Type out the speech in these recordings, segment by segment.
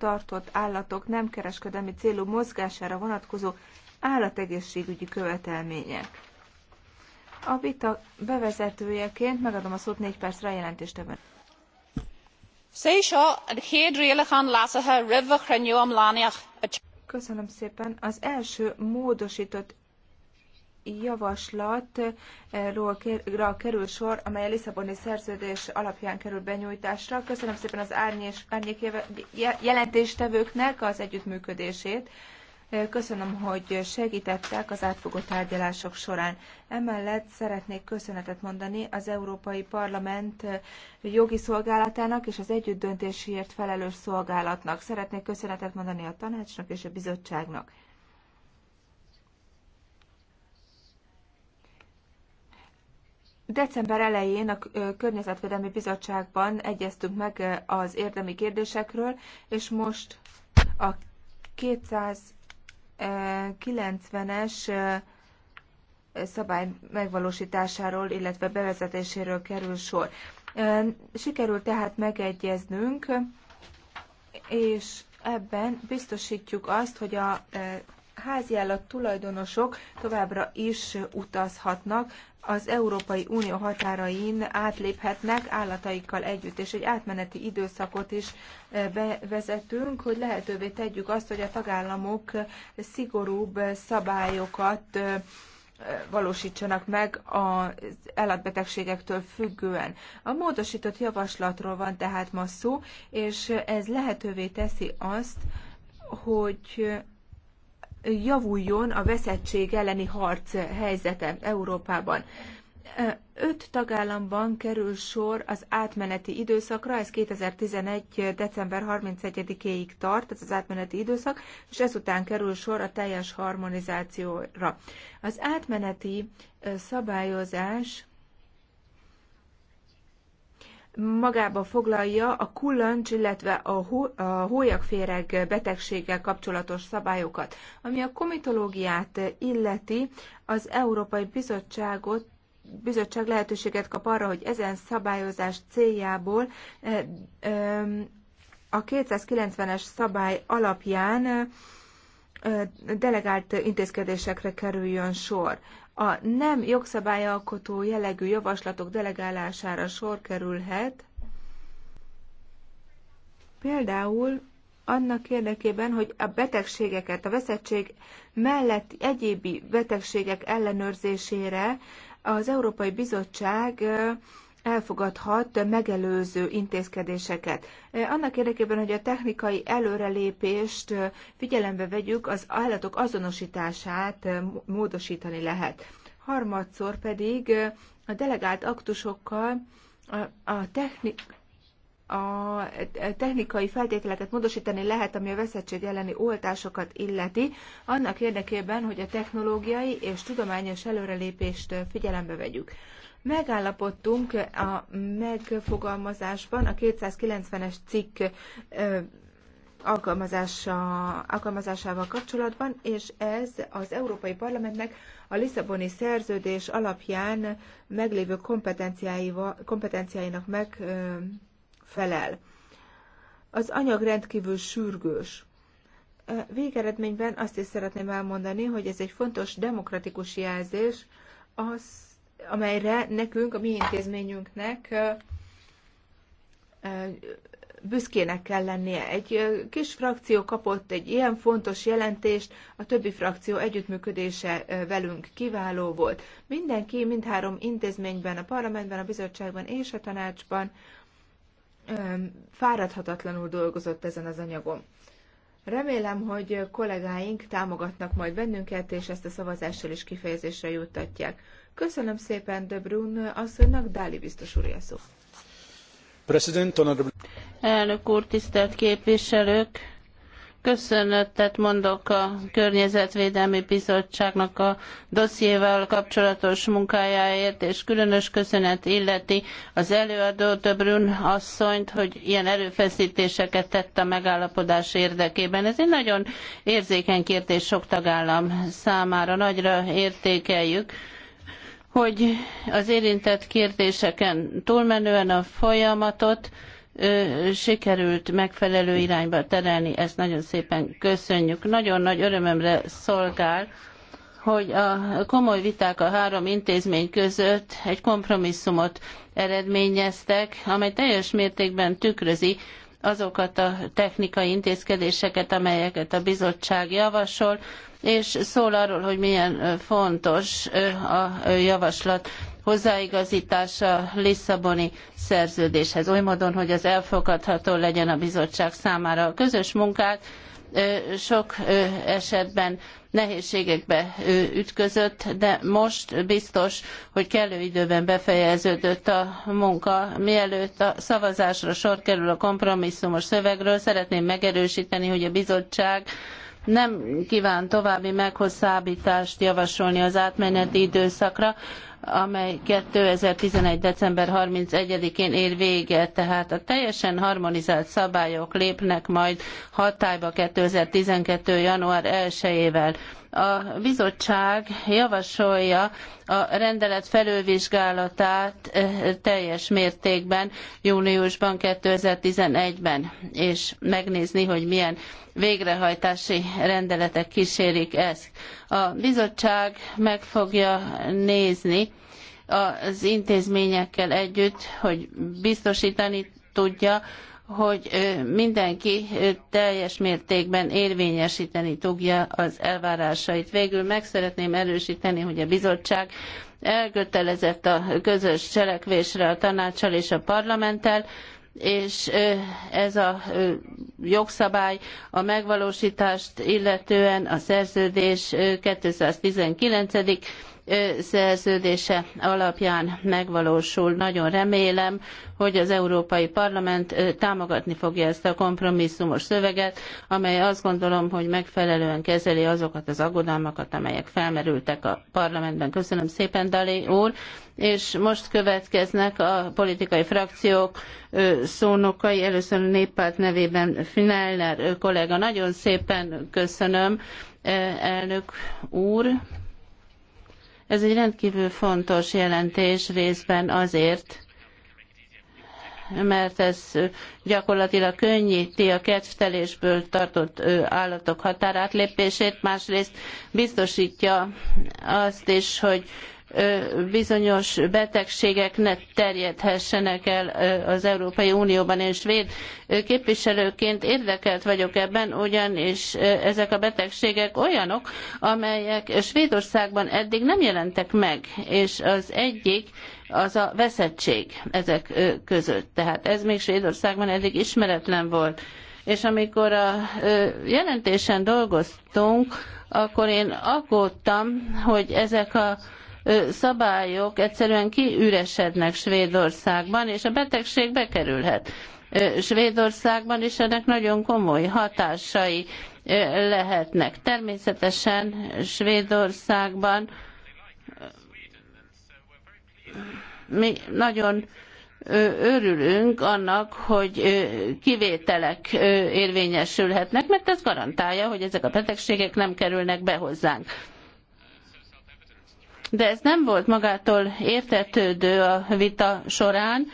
tartott állatok nem kereskedelmi célú mozgására vonatkozó állategészségügyi követelmények. A vita bevezetőjeként megadom a szót négy percre a jelentéstevőn. Köszönöm szépen. Az első módosított javaslatról kerül sor, amely a Lisszaboni szerződés alapján kerül benyújtásra. Köszönöm szépen az árnyék jelentéstevőknek az együttműködését. Köszönöm, hogy segítettek az átfogó tárgyalások során. Emellett szeretnék köszönetet mondani az Európai Parlament jogi szolgálatának és az együttdöntésiért felelős szolgálatnak. Szeretnék köszönetet mondani a tanácsnak és a bizottságnak. December elején a Környezetvédelmi Bizottságban egyeztünk meg az érdemi kérdésekről, és most a 290-es szabály megvalósításáról, illetve bevezetéséről kerül sor. Sikerült tehát megegyeznünk, és ebben biztosítjuk azt, hogy a háziállat tulajdonosok továbbra is utazhatnak, az Európai Unió határain átléphetnek állataikkal együtt, és egy átmeneti időszakot is eh, bevezetünk, hogy lehetővé tegyük azt, hogy a tagállamok szigorúbb szabályokat eh, valósítsanak meg az állatbetegségektől függően. A módosított javaslatról van tehát ma szó, és ez lehetővé teszi azt, hogy javuljon a veszettség elleni harc helyzete Európában. Öt tagállamban kerül sor az átmeneti időszakra, ez 2011. december 31-éig tart, ez az átmeneti időszak, és ezután kerül sor a teljes harmonizációra. Az átmeneti szabályozás magába foglalja a kullancs, illetve a, hó, a hólyagféreg betegséggel kapcsolatos szabályokat. Ami a komitológiát illeti, az Európai Bizottságot bizottság lehetőséget kap arra, hogy ezen szabályozás céljából eh, eh, a 290-es szabály alapján delegált intézkedésekre kerüljön sor. A nem jogszabályalkotó jellegű javaslatok delegálására sor kerülhet, például annak érdekében, hogy a betegségeket, a veszettség mellett egyébi betegségek ellenőrzésére az Európai Bizottság elfogadhat megelőző intézkedéseket. Eh, annak érdekében, hogy a technikai előrelépést eh, figyelembe vegyük, az állatok azonosítását eh, módosítani lehet. Harmadszor pedig a delegált aktusokkal a, technik, a technikai feltételeket módosítani lehet, ami a veszettség elleni oltásokat illeti, annak érdekében, hogy a technológiai és tudományos előrelépést figyelembe vegyük. Megállapodtunk a megfogalmazásban a 290-es cikk alkalmazása alkalmazásával kapcsolatban, és ez az Európai Parlamentnek a Lisszaboni szerződés alapján meglévő kompetenciáinak megfelel. Az anyag rendkívül sürgős. Végeredményben azt is szeretném elmondani, hogy ez egy fontos demokratikus jelzés, az amelyre nekünk, a mi intézményünknek büszkének kell lennie. Egy kis frakció kapott egy ilyen fontos jelentést, a többi frakció együttműködése velünk kiváló volt. Mindenki, mindhárom intézményben, a parlamentben, a bizottságban és a tanácsban fáradhatatlanul dolgozott ezen az anyagon. Remélem, hogy kollégáink támogatnak majd bennünket, és ezt a szavazással is kifejezésre juttatják. Köszönöm szépen De Brun asszonynak, Dáli biztos úr Elnök úr, tisztelt képviselők! Köszönetet mondok a Környezetvédelmi Bizottságnak a dossziéval kapcsolatos munkájáért, és különös köszönet illeti az előadót, Brun asszonyt, hogy ilyen erőfeszítéseket tett a megállapodás érdekében. Ez egy nagyon érzékeny kérdés sok tagállam számára. Nagyra értékeljük hogy az érintett kérdéseken túlmenően a folyamatot sikerült megfelelő irányba terelni, ezt nagyon szépen köszönjük. Nagyon nagy örömömre szolgál, hogy a komoly viták a három intézmény között egy kompromisszumot eredményeztek, amely teljes mértékben tükrözi azokat a technikai intézkedéseket, amelyeket a bizottság javasol, és szól arról, hogy milyen fontos a javaslat hozzáigaztása a Lisszaboni szerződéshez, oly módon, hogy az elfogadható legyen a bizottság számára. A közös munkát sok esetben nehézségekbe ütközött, de most biztos, hogy kellő időben befejeződött a munka. Mielőtt a szavazásra sor kerül a kompromisszumos szövegről, szeretném megerősíteni, hogy a bizottság nem kíván további meghosszabbítást javasolni az átmeneti időszakra, amely 2011. december 31-én ér véget, tehát a teljesen harmonizált szabályok lépnek majd hatályba 2012. január 1-ével a bizottság javasolja a rendelet felülvizsgálatát eh, teljes mértékben júniusban 2011-ben, és megnézni, hogy milyen végrehajtási rendeletek kísérik ezt. A bizottság meg fogja nézni az intézményekkel együtt, hogy biztosítani tudja hogy mindenki teljes mértékben érvényesíteni tudja az elvárásait. Végül meg szeretném erősíteni, hogy a bizottság elkötelezett a közös cselekvésre a tanácssal és a parlamenttel, és ez a jogszabály a megvalósítást illetően a szerződés 219 szerződése alapján megvalósul. Nagyon remélem, hogy az Európai Parlament támogatni fogja ezt a kompromisszumos szöveget, amely azt gondolom, hogy megfelelően kezeli azokat az aggodalmakat, amelyek felmerültek a parlamentben. Köszönöm szépen, Dali úr és most következnek a politikai frakciók szónokai, először a néppárt nevében Fineller kollega. Nagyon szépen köszönöm, elnök úr. Ez egy rendkívül fontos jelentés részben azért, mert ez gyakorlatilag könnyíti a kedvtelésből tartott állatok határátlépését, másrészt biztosítja azt is, hogy bizonyos betegségek ne terjedhessenek el az Európai Unióban. Én svéd képviselőként érdekelt vagyok ebben, ugyanis ezek a betegségek olyanok, amelyek Svédországban eddig nem jelentek meg, és az egyik az a veszettség ezek között. Tehát ez még Svédországban eddig ismeretlen volt és amikor a jelentésen dolgoztunk, akkor én aggódtam, hogy ezek a szabályok egyszerűen kiüresednek Svédországban, és a betegség bekerülhet. Svédországban is ennek nagyon komoly hatásai lehetnek. Természetesen Svédországban mi nagyon örülünk annak, hogy kivételek érvényesülhetnek, mert ez garantálja, hogy ezek a betegségek nem kerülnek be hozzánk de ez nem volt magától értetődő a vita során,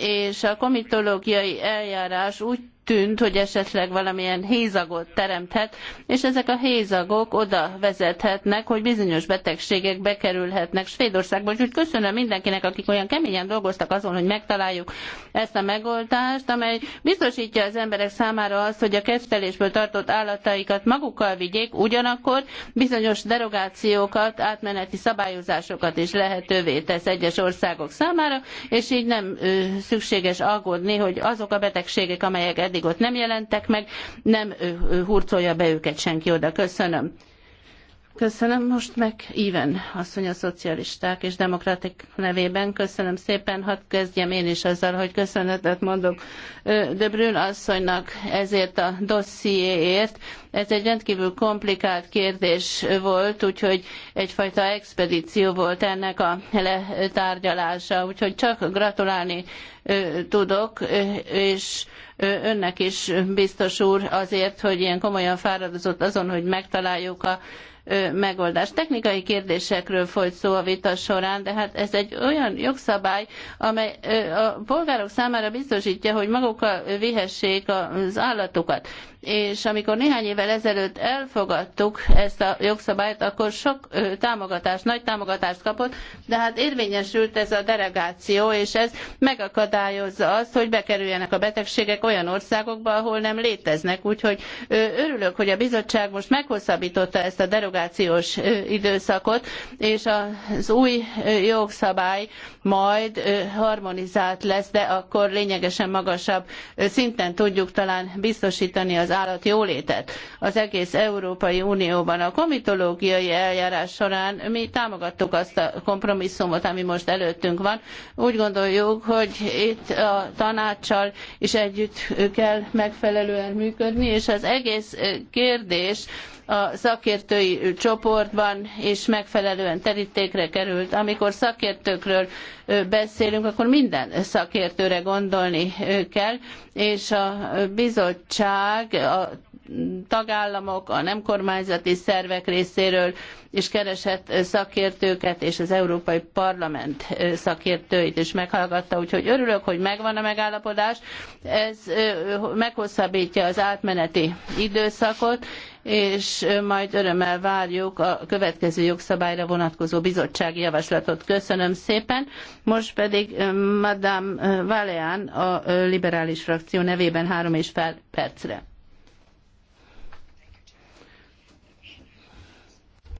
és a komitológiai eljárás úgy tűnt, hogy esetleg valamilyen hézagot teremthet, és ezek a hézagok oda vezethetnek, hogy bizonyos betegségek bekerülhetnek Svédországba. Úgyhogy köszönöm mindenkinek, akik olyan keményen dolgoztak azon, hogy megtaláljuk ezt a megoldást, amely biztosítja az emberek számára azt, hogy a kettelésből tartott állataikat magukkal vigyék, ugyanakkor bizonyos derogációkat, átmeneti szabályozásokat is lehetővé tesz egyes országok számára, és így nem szükséges aggódni, hogy azok a betegségek, amelyek eddig eddig ott nem jelentek meg, nem hurcolja be őket senki oda. Köszönöm. Köszönöm, most meg Íven asszony a szocialisták és demokratik nevében. Köszönöm szépen, hadd kezdjem én is azzal, hogy köszönetet mondok De Brün asszonynak ezért a dossziéért. Ez egy rendkívül komplikált kérdés volt, úgyhogy egyfajta expedíció volt ennek a letárgyalása, úgyhogy csak gratulálni tudok, és önnek is, biztos úr, azért, hogy ilyen komolyan fáradozott azon, hogy megtaláljuk a megoldás. Technikai kérdésekről folyt szó a vita során, de hát ez egy olyan jogszabály, amely a polgárok számára biztosítja, hogy magukkal vihessék az állatokat és amikor néhány évvel ezelőtt elfogadtuk ezt a jogszabályt, akkor sok támogatást, nagy támogatást kapott, de hát érvényesült ez a delegáció, és ez megakadályozza azt, hogy bekerüljenek a betegségek olyan országokba, ahol nem léteznek. Úgyhogy örülök, hogy a bizottság most meghosszabbította ezt a derogációs időszakot, és az új jogszabály majd harmonizált lesz, de akkor lényegesen magasabb szinten tudjuk talán biztosítani az állat jólétet az egész Európai Unióban. A komitológiai eljárás során mi támogattuk azt a kompromisszumot, ami most előttünk van. Úgy gondoljuk, hogy itt a tanácssal is együtt kell megfelelően működni, és az egész kérdés a szakértői csoportban és megfelelően terítékre került. Amikor szakértőkről beszélünk, akkor minden szakértőre gondolni kell, és a bizottság a tagállamok, a nem kormányzati szervek részéről és keresett szakértőket, és az Európai Parlament szakértőit is meghallgatta, úgyhogy örülök, hogy megvan a megállapodás. Ez meghosszabbítja az átmeneti időszakot, és majd örömmel várjuk a következő jogszabályra vonatkozó bizottsági javaslatot. Köszönöm szépen. Most pedig Madame Valéan a liberális frakció nevében három és fél percre.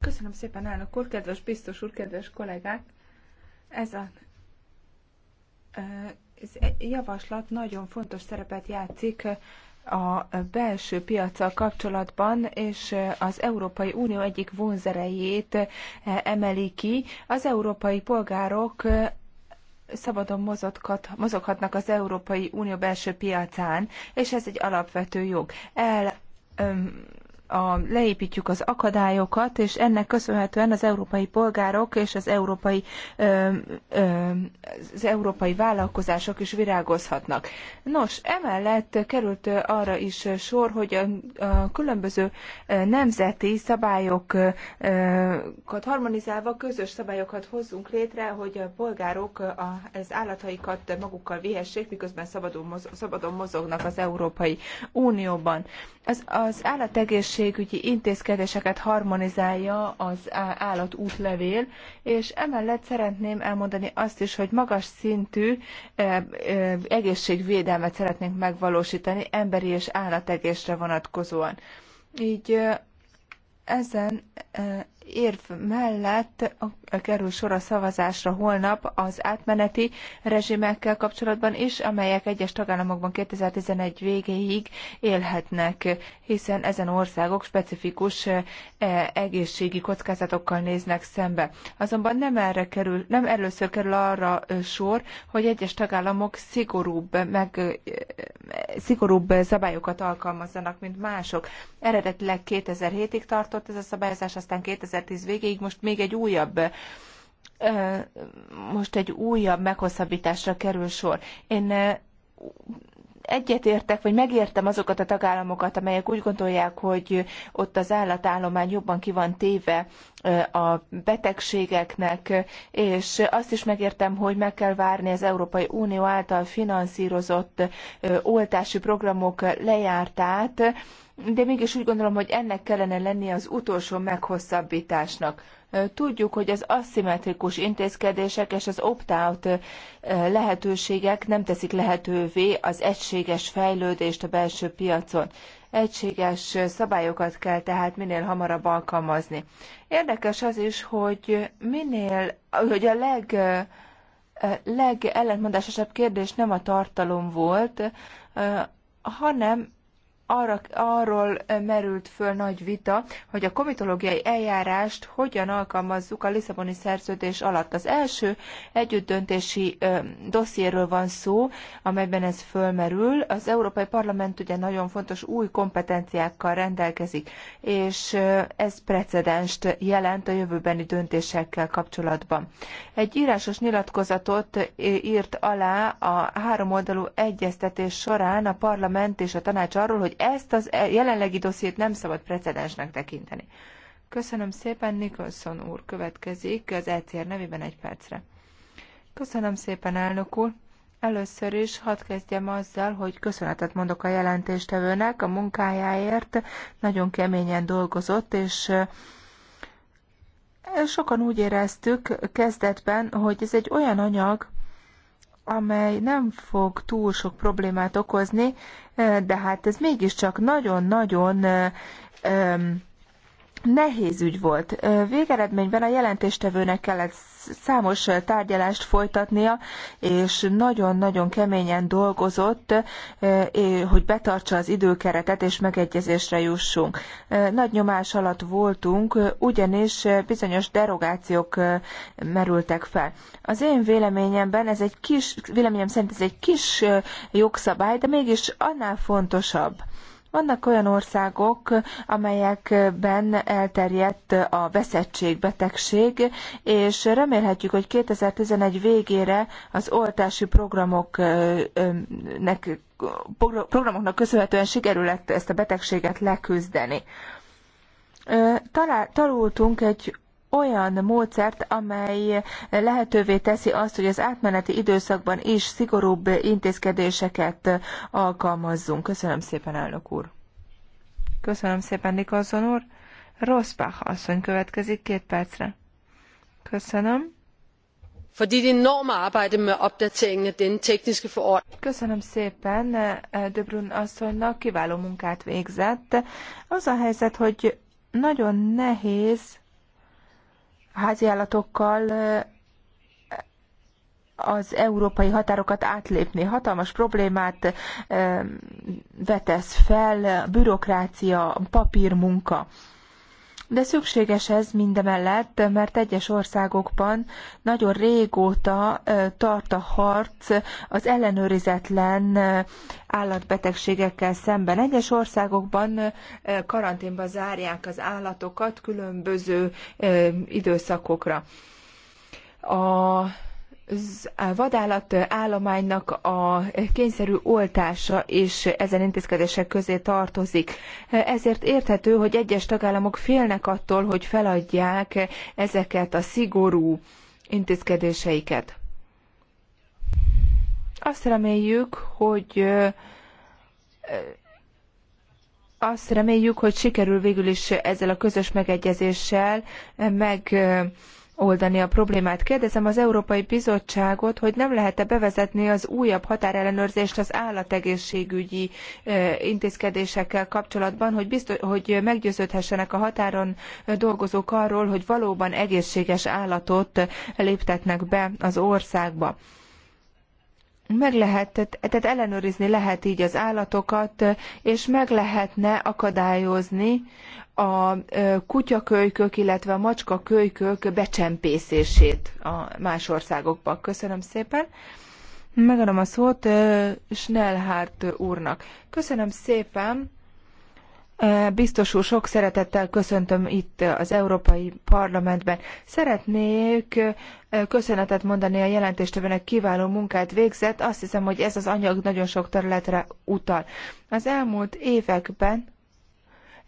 Köszönöm szépen, elnök úr, kedves biztos úr, kedves kollégák! Ez a ez javaslat nagyon fontos szerepet játszik a belső piacsal kapcsolatban, és az Európai Unió egyik vonzerejét emeli ki. Az európai polgárok szabadon mozoghatnak az Európai Unió belső piacán, és ez egy alapvető jog. El, öm, a, leépítjük az akadályokat, és ennek köszönhetően az európai polgárok és az európai, ö, ö, az európai vállalkozások is virágozhatnak. Nos, emellett került arra is sor, hogy a, a különböző nemzeti szabályokat harmonizálva közös szabályokat hozzunk létre, hogy a polgárok az állataikat magukkal vihessék, miközben szabadon, mozognak az Európai Unióban. Az, az állategészség egészségügyi intézkedéseket harmonizálja az állatútlevél, és emellett szeretném elmondani azt is, hogy magas szintű e, e, egészségvédelmet szeretnénk megvalósítani emberi és állategésre vonatkozóan. Így e, ezen érv mellett kerül sor a szavazásra holnap az átmeneti rezsimekkel kapcsolatban is, amelyek egyes tagállamokban 2011 végéig élhetnek, hiszen ezen országok specifikus e, e, egészségi kockázatokkal néznek szembe. Azonban nem, erre kerül, nem először kerül arra sor, hogy egyes tagállamok szigorúbb, meg, e, szigorúbb szabályokat alkalmazzanak, mint mások. Eredetileg 2007-ig tartott ez a szabályozás, aztán 2000 2010 végéig, most még egy újabb most egy újabb meghosszabbításra kerül sor. Én egyetértek, vagy megértem azokat a tagállamokat, amelyek úgy gondolják, hogy ott az állatállomány jobban ki van téve a betegségeknek, és azt is megértem, hogy meg kell várni az Európai Unió által finanszírozott oltási programok lejártát, de mégis úgy gondolom, hogy ennek kellene lennie az utolsó meghosszabbításnak Tudjuk, hogy az aszimmetrikus intézkedések és az opt-out lehetőségek nem teszik lehetővé az egységes fejlődést a belső piacon. Egységes szabályokat kell tehát minél hamarabb alkalmazni. Érdekes az is, hogy minél, hogy a leg legellentmondásosabb kérdés nem a tartalom volt, hanem arra, arról merült föl nagy vita, hogy a komitológiai eljárást hogyan alkalmazzuk a Lisszaboni szerződés alatt. Az első együttdöntési ö, dossziéről van szó, amelyben ez fölmerül. Az Európai Parlament ugye nagyon fontos új kompetenciákkal rendelkezik, és ez precedenst jelent a jövőbeni döntésekkel kapcsolatban. Egy írásos nyilatkozatot írt alá a három oldalú egyeztetés során a parlament és a tanács arról, hogy hogy ezt az e- jelenlegi dossziét nem szabad precedensnek tekinteni. Köszönöm szépen, Nicholson úr következik az ECR nevében egy percre. Köszönöm szépen, elnök úr. Először is hadd kezdjem azzal, hogy köszönetet mondok a jelentéstevőnek a munkájáért. Nagyon keményen dolgozott, és eh, sokan úgy éreztük kezdetben, hogy ez egy olyan anyag, amely nem fog túl sok problémát okozni, de hát ez mégiscsak nagyon-nagyon nehéz ügy volt. Végeredményben a jelentéstevőnek kellett számos tárgyalást folytatnia, és nagyon-nagyon keményen dolgozott, eh, eh, hogy betartsa az időkeretet és megegyezésre jussunk. Eh, nagy nyomás alatt voltunk, ugyanis bizonyos derogációk merültek fel. Az én véleményemben ez egy kis, véleményem szerint ez egy kis jogszabály, de mégis annál fontosabb. Vannak olyan országok, amelyekben elterjedt a veszettség, betegség, és remélhetjük, hogy 2011 végére az oltási programoknak, programoknak köszönhetően sikerül ezt a betegséget leküzdeni. Talál, tanultunk egy olyan módszert, amely lehetővé teszi azt, hogy az átmeneti időszakban is szigorúbb intézkedéseket alkalmazzunk. Köszönöm szépen, elnök úr. Köszönöm szépen, Nikolson úr. Rosbach asszony következik két percre. Köszönöm. For dit er enorme arbejde med opdateringen af denne tekniske forordning. Köszönöm szépen eh, Döbrun asszonynak, kiváló munkát végzett. Az a helyzet, hogy nagyon nehéz háziállatokkal az európai határokat átlépni. Hatalmas problémát vetesz fel, bürokrácia, papírmunka. De szükséges ez mindemellett, mert egyes országokban nagyon régóta tart a harc az ellenőrizetlen állatbetegségekkel szemben. Egyes országokban karanténba zárják az állatokat különböző időszakokra. A vadállat állománynak a kényszerű oltása is ezen intézkedések közé tartozik. Ezért érthető, hogy egyes tagállamok félnek attól, hogy feladják ezeket a szigorú intézkedéseiket. Azt reméljük, hogy azt reméljük, hogy sikerül végül is ezzel a közös megegyezéssel meg oldani a problémát. Kérdezem az Európai Bizottságot, hogy nem lehet-e bevezetni az újabb határellenőrzést az állategészségügyi intézkedésekkel kapcsolatban, hogy, biztos, hogy meggyőződhessenek a határon dolgozók arról, hogy valóban egészséges állatot léptetnek be az országba meg lehet, tehát ellenőrizni lehet így az állatokat, és meg lehetne akadályozni a kutyakölykök, illetve a macskakölykök becsempészését a más országokba. Köszönöm szépen. Megadom a szót Snellhárt úrnak. Köszönöm szépen. Biztos úr, sok szeretettel köszöntöm itt az Európai Parlamentben. Szeretnék köszönetet mondani a jelentéstevőnek kiváló munkát végzett. Azt hiszem, hogy ez az anyag nagyon sok területre utal. Az elmúlt években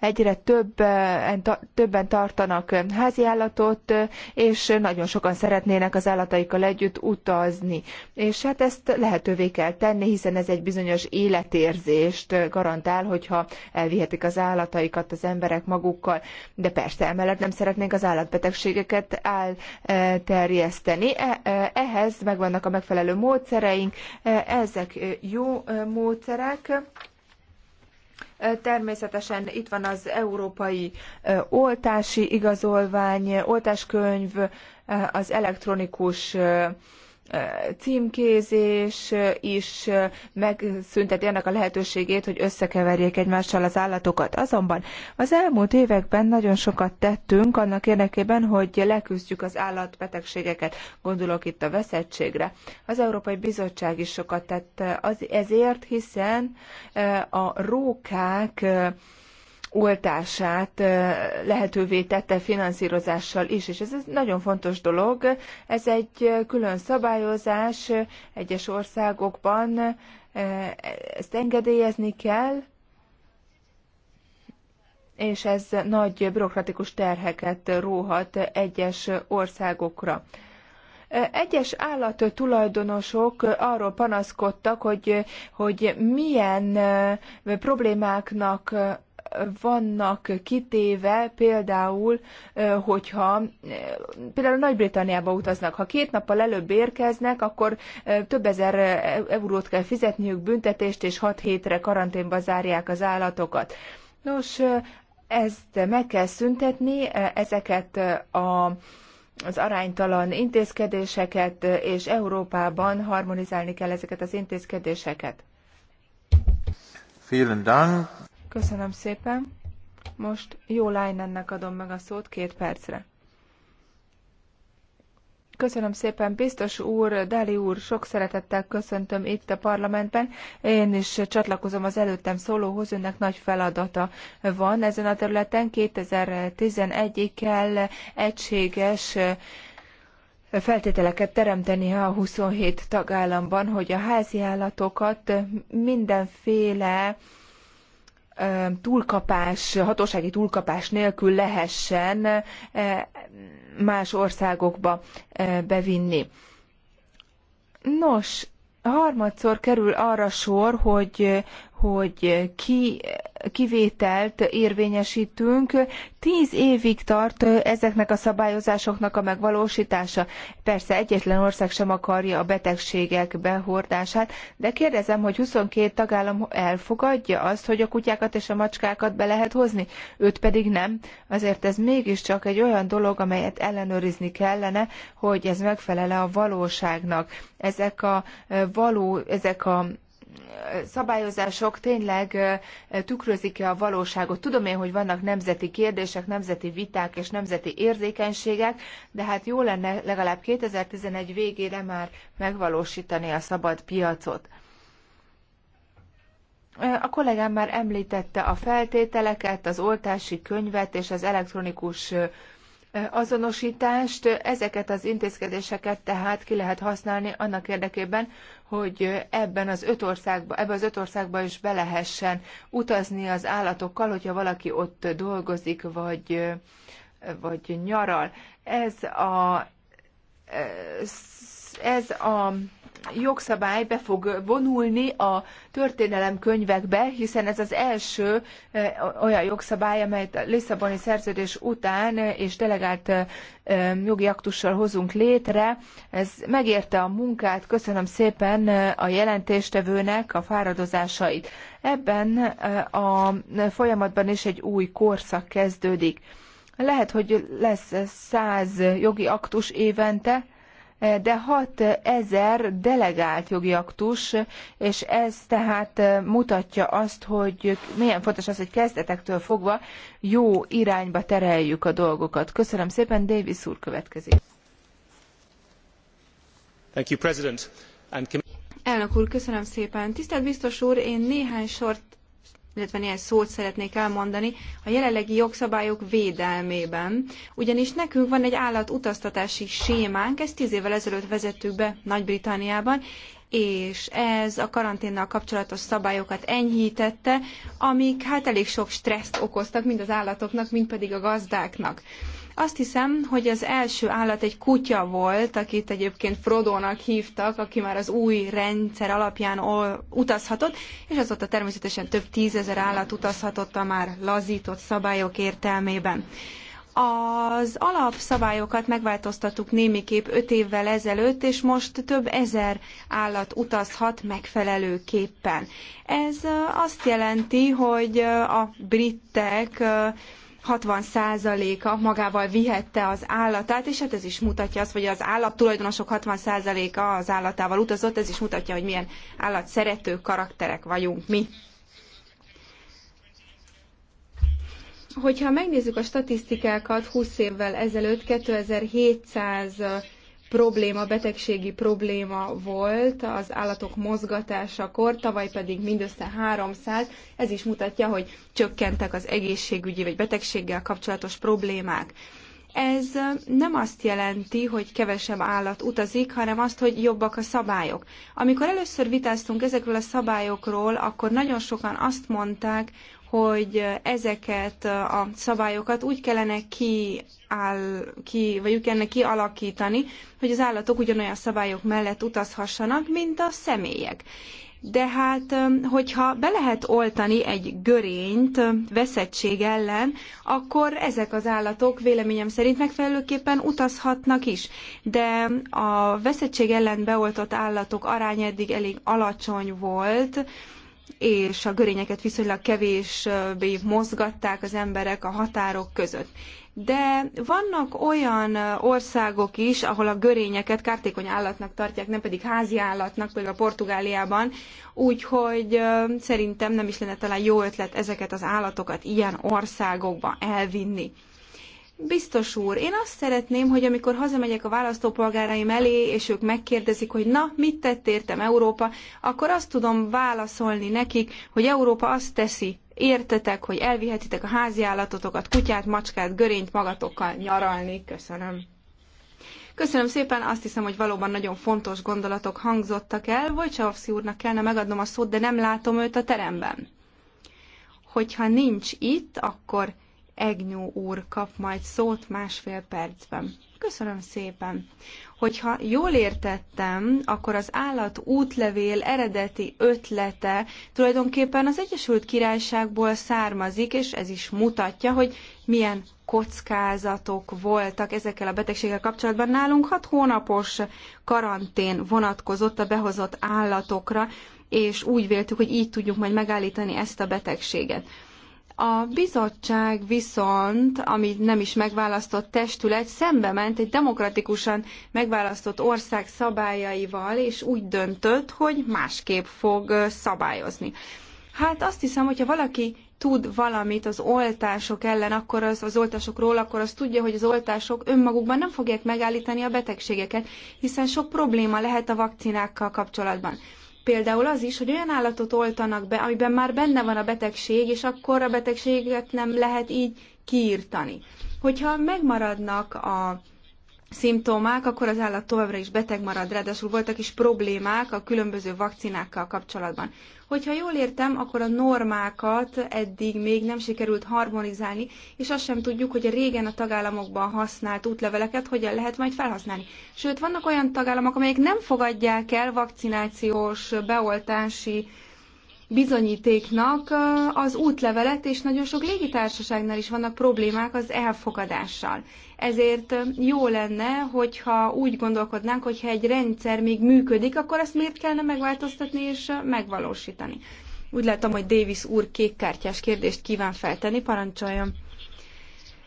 egyre többen, eh, többen tartanak eh, állatot eh, és nagyon sokan szeretnének az állataikkal együtt utazni. És hát ezt lehetővé kell tenni, hiszen ez egy bizonyos életérzést garantál, hogyha elvihetik az állataikat az emberek magukkal. De persze, emellett nem szeretnénk az állatbetegségeket elterjeszteni. E, e, ehhez megvannak a megfelelő módszereink, ezek jó módszerek. Természetesen itt van az európai oltási igazolvány, oltáskönyv, az elektronikus címkézés is megszünteti ennek a lehetőségét, hogy összekeverjék egymással az állatokat. Azonban az elmúlt években nagyon sokat tettünk annak érdekében, hogy leküzdjük az állatbetegségeket. Gondolok itt a veszettségre. Az Európai Bizottság is sokat tett az, ezért, hiszen a rókák oltását lehetővé tette finanszírozással is, és ez egy nagyon fontos dolog. Ez egy külön szabályozás egyes országokban, ezt engedélyezni kell, és ez nagy bürokratikus terheket róhat egyes országokra. Egyes állattulajdonosok arról panaszkodtak, hogy, hogy milyen problémáknak vannak kitéve, például, hogyha például Nagy-Britanniába utaznak, ha két nappal előbb érkeznek, akkor több ezer eurót kell fizetniük büntetést, és hat hétre karanténba zárják az állatokat. Nos, ezt meg kell szüntetni, ezeket a az aránytalan intézkedéseket, és Európában harmonizálni kell ezeket az intézkedéseket. Vielen Dank. Köszönöm szépen. Most Jó Lájnennek adom meg a szót két percre. Köszönöm szépen, biztos úr, Dali úr, sok szeretettel köszöntöm itt a parlamentben. Én is csatlakozom az előttem szólóhoz, önnek nagy feladata van ezen a területen. 2011-ig kell egységes feltételeket teremteni a 27 tagállamban, hogy a házi állatokat mindenféle túlkapás, hatósági túlkapás nélkül lehessen más országokba bevinni. Nos, harmadszor kerül arra sor, hogy hogy ki, kivételt érvényesítünk. Tíz évig tart ezeknek a szabályozásoknak a megvalósítása. Persze egyetlen ország sem akarja a betegségek behordását, de kérdezem, hogy 22 tagállam elfogadja azt, hogy a kutyákat és a macskákat be lehet hozni, őt pedig nem. Azért ez mégiscsak egy olyan dolog, amelyet ellenőrizni kellene, hogy ez megfelele a valóságnak. Ezek a való, ezek a szabályozások tényleg tükrözik-e a valóságot. Tudom én, hogy vannak nemzeti kérdések, nemzeti viták és nemzeti érzékenységek, de hát jó lenne legalább 2011 végére már megvalósítani a szabad piacot. A kollégám már említette a feltételeket, az oltási könyvet és az elektronikus azonosítást. Ezeket az intézkedéseket tehát ki lehet használni annak érdekében, hogy ebben az öt országba, ebbe az öt országba is belehessen utazni az állatokkal, hogyha valaki ott dolgozik, vagy, vagy nyaral. Ez a ez a jogszabály be fog vonulni a történelemkönyvekbe, hiszen ez az első olyan jogszabály, amelyet a Lisszaboni szerződés után és delegált jogi aktussal hozunk létre. Ez megérte a munkát, köszönöm szépen a jelentéstevőnek a fáradozásait. Ebben a folyamatban is egy új korszak kezdődik. Lehet, hogy lesz száz jogi aktus évente, de 6 ezer delegált jogi aktus, és ez tehát mutatja azt, hogy milyen fontos az, hogy kezdetektől fogva jó irányba tereljük a dolgokat. Köszönöm szépen, Davis úr következik. Thank you, President. And... Elnök úr, köszönöm szépen. Tisztelt biztos úr, én néhány sort illetve néhány szót szeretnék elmondani a jelenlegi jogszabályok védelmében. Ugyanis nekünk van egy állatutaztatási sémánk, ezt tíz évvel ezelőtt vezettük be Nagy-Britanniában, és ez a karanténnal kapcsolatos szabályokat enyhítette, amik hát elég sok stresszt okoztak mind az állatoknak, mind pedig a gazdáknak. Azt hiszem, hogy az első állat egy kutya volt, akit egyébként Frodo-nak hívtak, aki már az új rendszer alapján utazhatott, és azóta természetesen több tízezer állat utazhatott a már lazított szabályok értelmében. Az alapszabályokat megváltoztattuk némiképp öt évvel ezelőtt, és most több ezer állat utazhat megfelelőképpen. Ez azt jelenti, hogy a britek 60%-a magával vihette az állatát, és hát ez is mutatja azt, hogy az állattulajdonosok 60%-a az állatával utazott, ez is mutatja, hogy milyen állatszerető karakterek vagyunk mi. Hogyha megnézzük a statisztikákat, 20 évvel ezelőtt 2700 probléma, betegségi probléma volt az állatok mozgatásakor, tavaly pedig mindössze 300. Ez is mutatja, hogy csökkentek az egészségügyi vagy betegséggel kapcsolatos problémák. Ez nem azt jelenti, hogy kevesebb állat utazik, hanem azt, hogy jobbak a szabályok. Amikor először vitáztunk ezekről a szabályokról, akkor nagyon sokan azt mondták, hogy ezeket a szabályokat úgy kellene ki, ki vagy úgy kellene kialakítani, hogy az állatok ugyanolyan szabályok mellett utazhassanak, mint a személyek. De hát, hogyha be lehet oltani egy görényt veszettség ellen, akkor ezek az állatok véleményem szerint megfelelőképpen utazhatnak is. De a veszettség ellen beoltott állatok aránya eddig elég alacsony volt, és a görényeket viszonylag kevésbé mozgatták az emberek a határok között. De vannak olyan országok is, ahol a görényeket kártékony állatnak tartják, nem pedig házi állatnak, például a Portugáliában, úgyhogy szerintem nem is lenne talán jó ötlet ezeket az állatokat ilyen országokba elvinni. Biztos úr, én azt szeretném, hogy amikor hazamegyek a választópolgáraim elé, és ők megkérdezik, hogy na, mit tett értem Európa, akkor azt tudom válaszolni nekik, hogy Európa azt teszi, értetek, hogy elvihetitek a háziállatotokat, kutyát, macskát, görényt magatokkal nyaralni. Köszönöm. Köszönöm szépen, azt hiszem, hogy valóban nagyon fontos gondolatok hangzottak el. Wojciechowski úrnak kellene megadnom a szót, de nem látom őt a teremben. Hogyha nincs itt, akkor Egnyó úr kap majd szót másfél percben. Köszönöm szépen. Hogyha jól értettem, akkor az állat útlevél eredeti ötlete tulajdonképpen az Egyesült Királyságból származik, és ez is mutatja, hogy milyen kockázatok voltak ezekkel a betegségekkel kapcsolatban. Nálunk hat hónapos karantén vonatkozott a behozott állatokra, és úgy véltük, hogy így tudjuk majd megállítani ezt a betegséget. A bizottság viszont, ami nem is megválasztott testület, szembe ment egy demokratikusan megválasztott ország szabályaival, és úgy döntött, hogy másképp fog szabályozni. Hát azt hiszem, hogyha valaki tud valamit az oltások ellen, akkor az, az oltásokról, akkor az tudja, hogy az oltások önmagukban nem fogják megállítani a betegségeket, hiszen sok probléma lehet a vakcinákkal kapcsolatban. Például az is, hogy olyan állatot oltanak be, amiben már benne van a betegség, és akkor a betegséget nem lehet így kiírtani. Hogyha megmaradnak a szimptomák, akkor az állat továbbra is beteg marad, ráadásul voltak is problémák a különböző vakcinákkal kapcsolatban. Hogyha jól értem, akkor a normákat eddig még nem sikerült harmonizálni, és azt sem tudjuk, hogy a régen a tagállamokban használt útleveleket hogyan lehet majd felhasználni. Sőt, vannak olyan tagállamok, amelyek nem fogadják el vakcinációs beoltási bizonyítéknak az útlevelet, és nagyon sok légitársaságnál is vannak problémák az elfogadással. Ezért jó lenne, hogyha úgy gondolkodnánk, hogyha egy rendszer még működik, akkor azt miért kellene megváltoztatni és megvalósítani. Úgy látom, hogy Davis úr kékkártyás kérdést kíván feltenni, parancsoljon.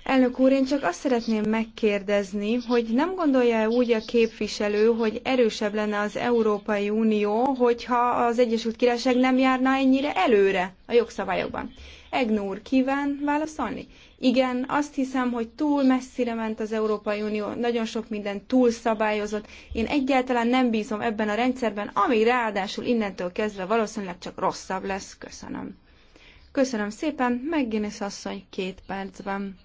Elnök úr, én csak azt szeretném megkérdezni, hogy nem gondolja-e úgy a képviselő, hogy erősebb lenne az Európai Unió, hogyha az Egyesült Királyság nem járna ennyire előre a jogszabályokban? Egnúr kíván válaszolni? Igen, azt hiszem, hogy túl messzire ment az Európai Unió, nagyon sok minden túl szabályozott. Én egyáltalán nem bízom ebben a rendszerben, ami ráadásul innentől kezdve valószínűleg csak rosszabb lesz. Köszönöm. Köszönöm szépen, megginisz asszony két percben.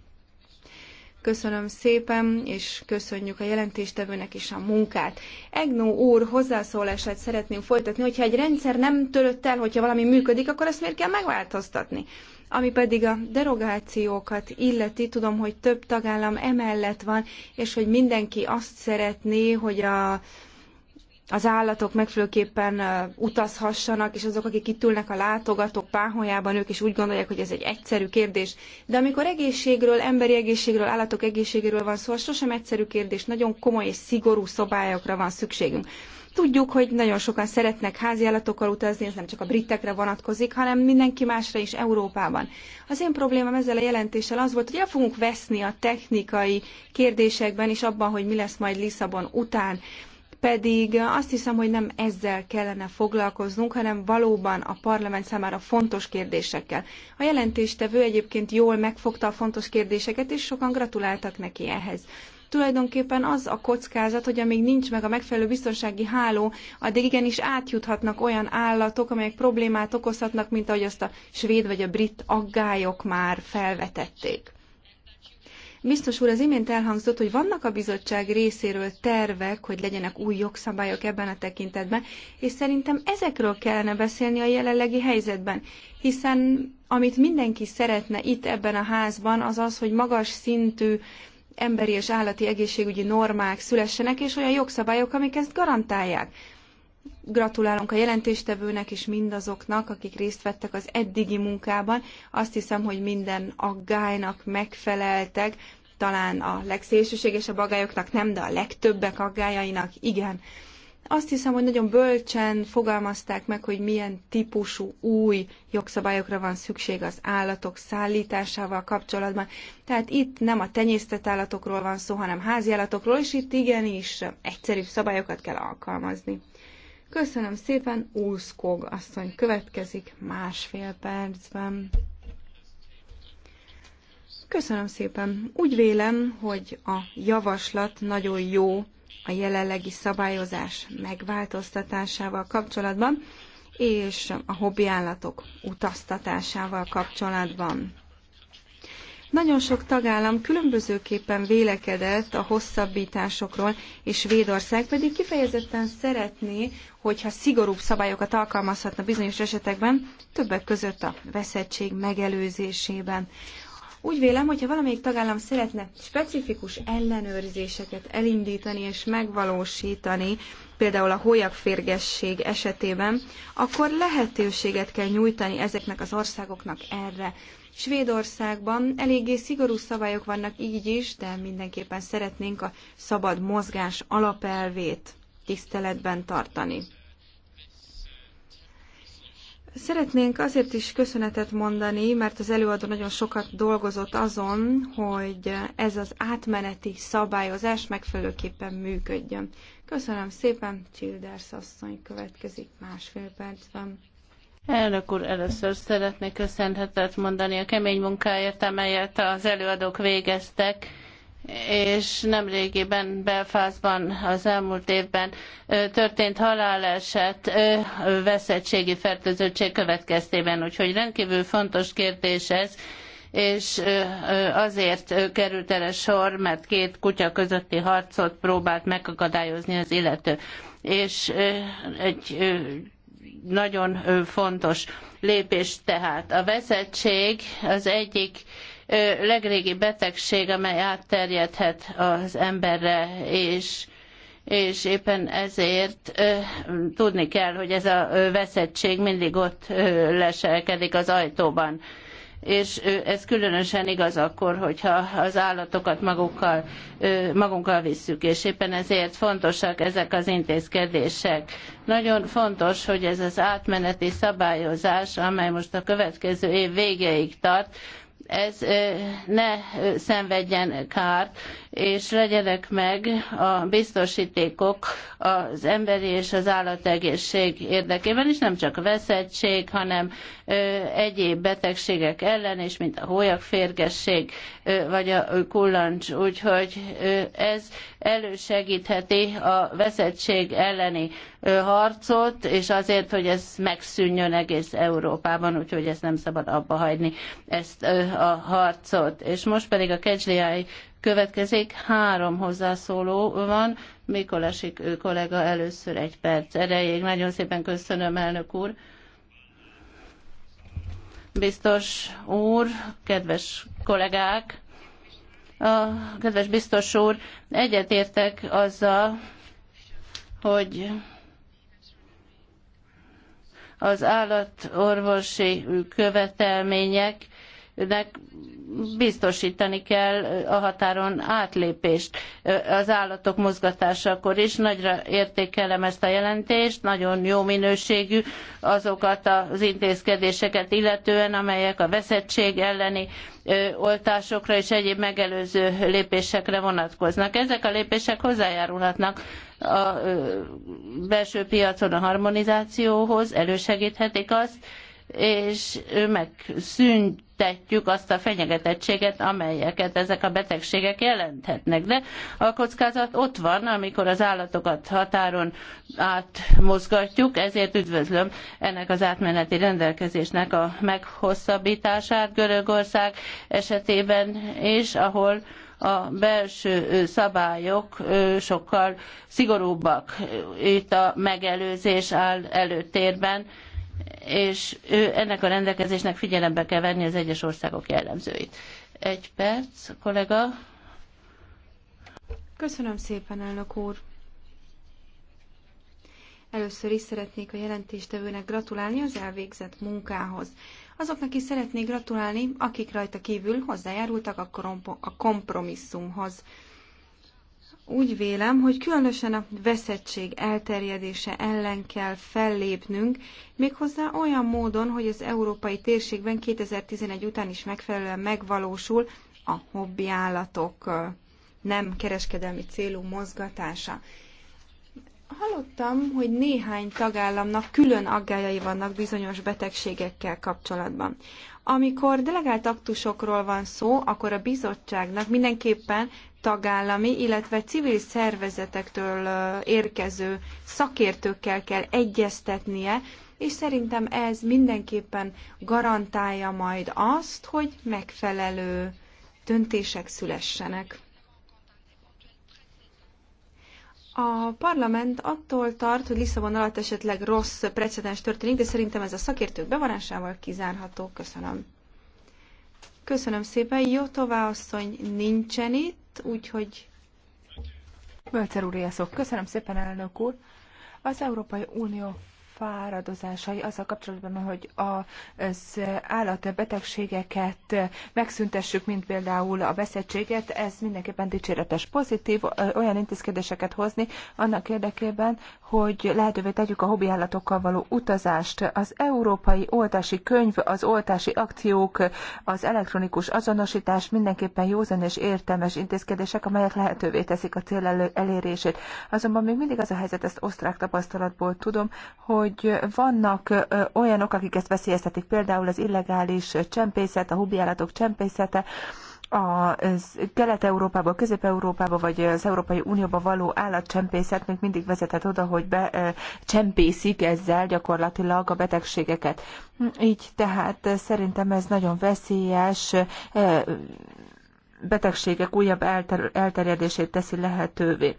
Köszönöm szépen, és köszönjük a jelentéstevőnek is a munkát. Egnó úr hozzászólását szeretném folytatni, hogyha egy rendszer nem törött el, hogyha valami működik, akkor ezt miért kell megváltoztatni? Ami pedig a derogációkat illeti, tudom, hogy több tagállam emellett van, és hogy mindenki azt szeretné, hogy a az állatok megfelelőképpen utazhassanak, és azok, akik itt ülnek a látogatók páholyában, ők is úgy gondolják, hogy ez egy egyszerű kérdés. De amikor egészségről, emberi egészségről, állatok egészségéről van szó, az sosem egyszerű kérdés, nagyon komoly és szigorú szabályokra van szükségünk. Tudjuk, hogy nagyon sokan szeretnek háziállatokkal utazni, ez nem csak a britekre vonatkozik, hanem mindenki másra is Európában. Az én problémám ezzel a jelentéssel az volt, hogy el fogunk veszni a technikai kérdésekben és abban, hogy mi lesz majd Lisszabon után pedig azt hiszem, hogy nem ezzel kellene foglalkoznunk, hanem valóban a parlament számára fontos kérdésekkel. A jelentéstevő egyébként jól megfogta a fontos kérdéseket, és sokan gratuláltak neki ehhez. Tulajdonképpen az a kockázat, hogy amíg nincs meg a megfelelő biztonsági háló, addig igenis átjuthatnak olyan állatok, amelyek problémát okozhatnak, mint ahogy azt a svéd vagy a brit aggályok már felvetették. Biztos úr, az imént elhangzott, hogy vannak a bizottság részéről tervek, hogy legyenek új jogszabályok ebben a tekintetben, és szerintem ezekről kellene beszélni a jelenlegi helyzetben, hiszen amit mindenki szeretne itt ebben a házban, az az, hogy magas szintű emberi és állati egészségügyi normák szülessenek, és olyan jogszabályok, amik ezt garantálják. Gratulálunk a jelentéstevőnek és mindazoknak, akik részt vettek az eddigi munkában. Azt hiszem, hogy minden aggálynak megfeleltek, talán a legszélsőségesebb aggályoknak nem, de a legtöbbek aggájainak igen. Azt hiszem, hogy nagyon bölcsen fogalmazták meg, hogy milyen típusú új jogszabályokra van szükség az állatok szállításával kapcsolatban. Tehát itt nem a tenyésztett állatokról van szó, hanem háziállatokról, és itt igenis egyszerűbb szabályokat kell alkalmazni. Köszönöm szépen, Úszkog asszony következik másfél percben. Köszönöm szépen. Úgy vélem, hogy a javaslat nagyon jó a jelenlegi szabályozás megváltoztatásával kapcsolatban, és a hobbiállatok utaztatásával kapcsolatban. Nagyon sok tagállam különbözőképpen vélekedett a hosszabbításokról, és Svédország pedig kifejezetten szeretné, hogyha szigorúbb szabályokat alkalmazhatna bizonyos esetekben, többek között a veszettség megelőzésében. Úgy vélem, hogyha valamelyik tagállam szeretne specifikus ellenőrzéseket elindítani és megvalósítani, például a hólyagférgesség esetében, akkor lehetőséget kell nyújtani ezeknek az országoknak erre. Svédországban eléggé szigorú szabályok vannak így is, de mindenképpen szeretnénk a szabad mozgás alapelvét tiszteletben tartani. Szeretnénk azért is köszönetet mondani, mert az előadó nagyon sokat dolgozott azon, hogy ez az átmeneti szabályozás megfelelőképpen működjön. Köszönöm szépen, Csilders asszony következik másfél percben. Elnök úr, először szeretnék köszönhetet mondani a kemény munkáért, amelyet az előadók végeztek és nemrégiben Belfázban az elmúlt évben történt haláleset veszettségi fertőzöttség következtében, úgyhogy rendkívül fontos kérdés ez, és azért került erre sor, mert két kutya közötti harcot próbált megakadályozni az illető és egy nagyon fontos lépés tehát. A veszettség az egyik legrégi betegség, amely átterjedhet az emberre, és és éppen ezért tudni kell, hogy ez a veszettség mindig ott leselkedik az ajtóban és ez különösen igaz akkor, hogyha az állatokat magukkal, magunkkal visszük, és éppen ezért fontosak ezek az intézkedések. Nagyon fontos, hogy ez az átmeneti szabályozás, amely most a következő év végéig tart, ez ne szenvedjen kárt, és legyenek meg a biztosítékok az emberi és az állategészség érdekében, is nem csak veszettség, hanem egyéb betegségek ellen, is, mint a hólyagférgesség vagy a kullancs. Úgyhogy ez elősegítheti a veszettség elleni harcot, és azért, hogy ez megszűnjön egész Európában, úgyhogy ezt nem szabad abba hagyni, ezt a harcot. És most pedig a KGI következik. Három hozzászóló van. Mikolasik ő kollega először egy perc erejéig. Nagyon szépen köszönöm, elnök úr. Biztos úr, kedves kollégák, a kedves biztos úr, egyetértek azzal, hogy az állatorvosi követelmények nek biztosítani kell a határon átlépést az állatok mozgatásakor is. Nagyra értékelem ezt a jelentést, nagyon jó minőségű azokat az intézkedéseket illetően, amelyek a veszettség elleni oltásokra és egyéb megelőző lépésekre vonatkoznak. Ezek a lépések hozzájárulhatnak a belső piacon a harmonizációhoz, elősegíthetik azt, és megszüntetjük azt a fenyegetettséget, amelyeket ezek a betegségek jelenthetnek. De a kockázat ott van, amikor az állatokat határon átmozgatjuk, ezért üdvözlöm ennek az átmeneti rendelkezésnek a meghosszabbítását Görögország esetében és ahol a belső szabályok sokkal szigorúbbak. Itt a megelőzés áll előtérben, és ő ennek a rendelkezésnek figyelembe kell venni az egyes országok jellemzőit. Egy perc, kollega. Köszönöm szépen, elnök úr. Először is szeretnék a jelentéstevőnek gratulálni az elvégzett munkához. Azoknak is szeretnék gratulálni, akik rajta kívül hozzájárultak a kompromisszumhoz. Úgy vélem, hogy különösen a veszettség elterjedése ellen kell fellépnünk, méghozzá olyan módon, hogy az európai térségben 2011 után is megfelelően megvalósul a hobbiállatok nem kereskedelmi célú mozgatása. Hallottam, hogy néhány tagállamnak külön aggályai vannak bizonyos betegségekkel kapcsolatban. Amikor delegált aktusokról van szó, akkor a bizottságnak mindenképpen tagállami, illetve civil szervezetektől érkező szakértőkkel kell egyeztetnie, és szerintem ez mindenképpen garantálja majd azt, hogy megfelelő döntések szülessenek. A parlament attól tart, hogy Lisszabon alatt esetleg rossz precedens történik, de szerintem ez a szakértők bevarásával kizárható. Köszönöm. Köszönöm szépen. Jó tovább, asszony nincsen itt, úgyhogy... Bölcer úr, Köszönöm szépen, elnök úr. Az Európai Unió fáradozásai azzal kapcsolatban, hogy az állatbetegségeket megszüntessük, mint például a veszettséget, ez mindenképpen dicséretes, pozitív, olyan intézkedéseket hozni annak érdekében, hogy lehetővé tegyük a hobbi állatokkal való utazást. Az európai oltási könyv, az oltási akciók, az elektronikus azonosítás mindenképpen józan és értelmes intézkedések, amelyek lehetővé teszik a cél elérését. Azonban még mindig az a helyzet, ezt osztrák tapasztalatból tudom, hogy hogy vannak olyanok, akik ezt veszélyeztetik, például az illegális csempészet, a hubiállatok csempészete, a Kelet-Európába, Közép-Európába vagy az Európai Unióba való állatcsempészet még mindig vezetett oda, hogy csempészik ezzel gyakorlatilag a betegségeket. Így tehát szerintem ez nagyon veszélyes betegségek újabb elter- elterjedését teszi lehetővé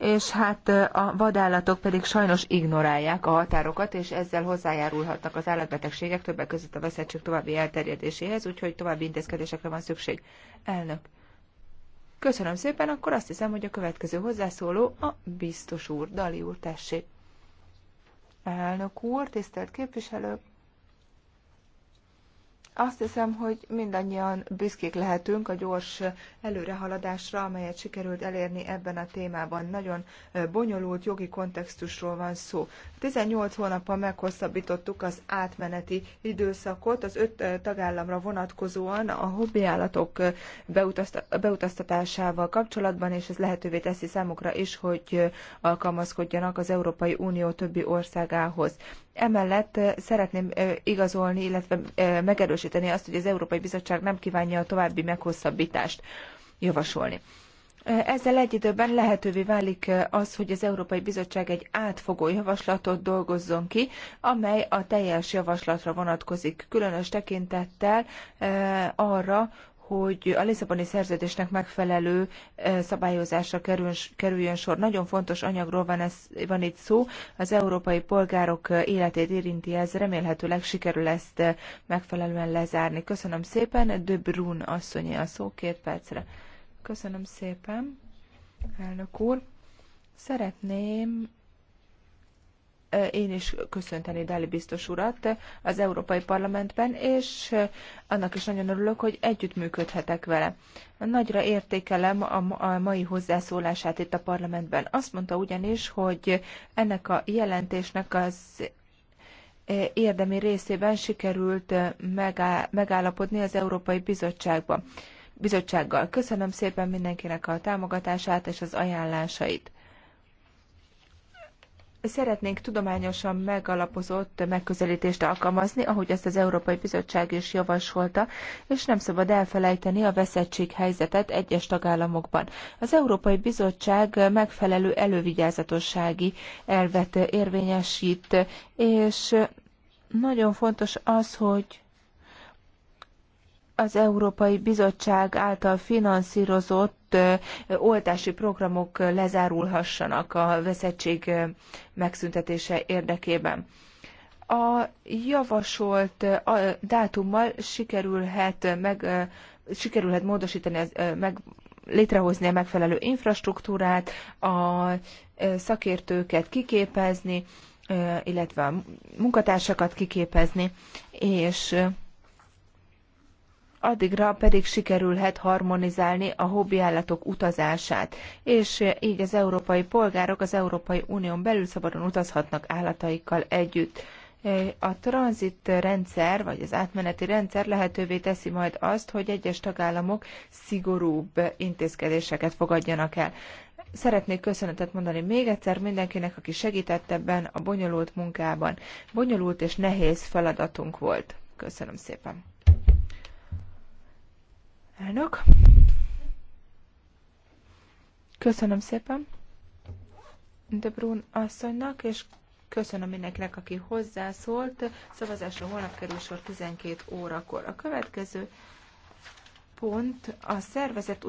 és hát a vadállatok pedig sajnos ignorálják a határokat, és ezzel hozzájárulhatnak az állatbetegségek, többek között a veszettség további elterjedéséhez, úgyhogy további intézkedésekre van szükség. Elnök. Köszönöm szépen, akkor azt hiszem, hogy a következő hozzászóló a biztos úr, Dali úr, tessék. Elnök úr, tisztelt képviselők, azt hiszem, hogy mindannyian büszkék lehetünk a gyors előrehaladásra, amelyet sikerült elérni ebben a témában. Nagyon bonyolult jogi kontextusról van szó. 18 hónappal meghosszabbítottuk az átmeneti időszakot az öt tagállamra vonatkozóan a hobbiállatok beutaztatásával kapcsolatban, és ez lehetővé teszi számukra is, hogy alkalmazkodjanak az Európai Unió többi országához. Emellett szeretném igazolni, illetve megerősíteni azt, hogy az Európai Bizottság nem kívánja a további meghosszabbítást javasolni. Ezzel egy időben lehetővé válik az, hogy az Európai Bizottság egy átfogó javaslatot dolgozzon ki, amely a teljes javaslatra vonatkozik, különös tekintettel arra, hogy a Lisszaboni szerződésnek megfelelő szabályozásra kerüljön sor. Nagyon fontos anyagról van, ez, van itt szó, az európai polgárok életét érinti ez, remélhetőleg sikerül ezt megfelelően lezárni. Köszönöm szépen, De Brun asszonyi a szó két percre. Köszönöm szépen, elnök úr. Szeretném én is köszönteni Dali biztos urat az Európai Parlamentben, és annak is nagyon örülök, hogy együttműködhetek vele. Nagyra értékelem a mai hozzászólását itt a parlamentben. Azt mondta ugyanis, hogy ennek a jelentésnek az érdemi részében sikerült megállapodni az Európai Bizottságban bizottsággal. Köszönöm szépen mindenkinek a támogatását és az ajánlásait. Szeretnénk tudományosan megalapozott megközelítést alkalmazni, ahogy ezt az Európai Bizottság is javasolta, és nem szabad elfelejteni a veszettség helyzetet egyes tagállamokban. Az Európai Bizottság megfelelő elővigyázatossági elvet érvényesít, és nagyon fontos az, hogy az Európai Bizottság által finanszírozott oltási programok lezárulhassanak a veszettség megszüntetése érdekében. A javasolt dátummal sikerülhet, meg, sikerülhet módosítani, meg, létrehozni a megfelelő infrastruktúrát, a szakértőket kiképezni, illetve a munkatársakat kiképezni, és addigra pedig sikerülhet harmonizálni a hobbiállatok utazását, és így az európai polgárok az Európai Unión belül szabadon utazhatnak állataikkal együtt. E, a tranzit rendszer, vagy az átmeneti rendszer lehetővé teszi majd azt, hogy egyes tagállamok szigorúbb intézkedéseket fogadjanak el. Szeretnék köszönetet mondani még egyszer mindenkinek, aki segített ebben a bonyolult munkában. Bonyolult és nehéz feladatunk volt. Köszönöm szépen! Elnök. Köszönöm szépen De Brun asszonynak, és köszönöm mindenkinek, aki hozzászólt. Szavazásra holnap kerül sor 12 órakor. A következő pont a szervezet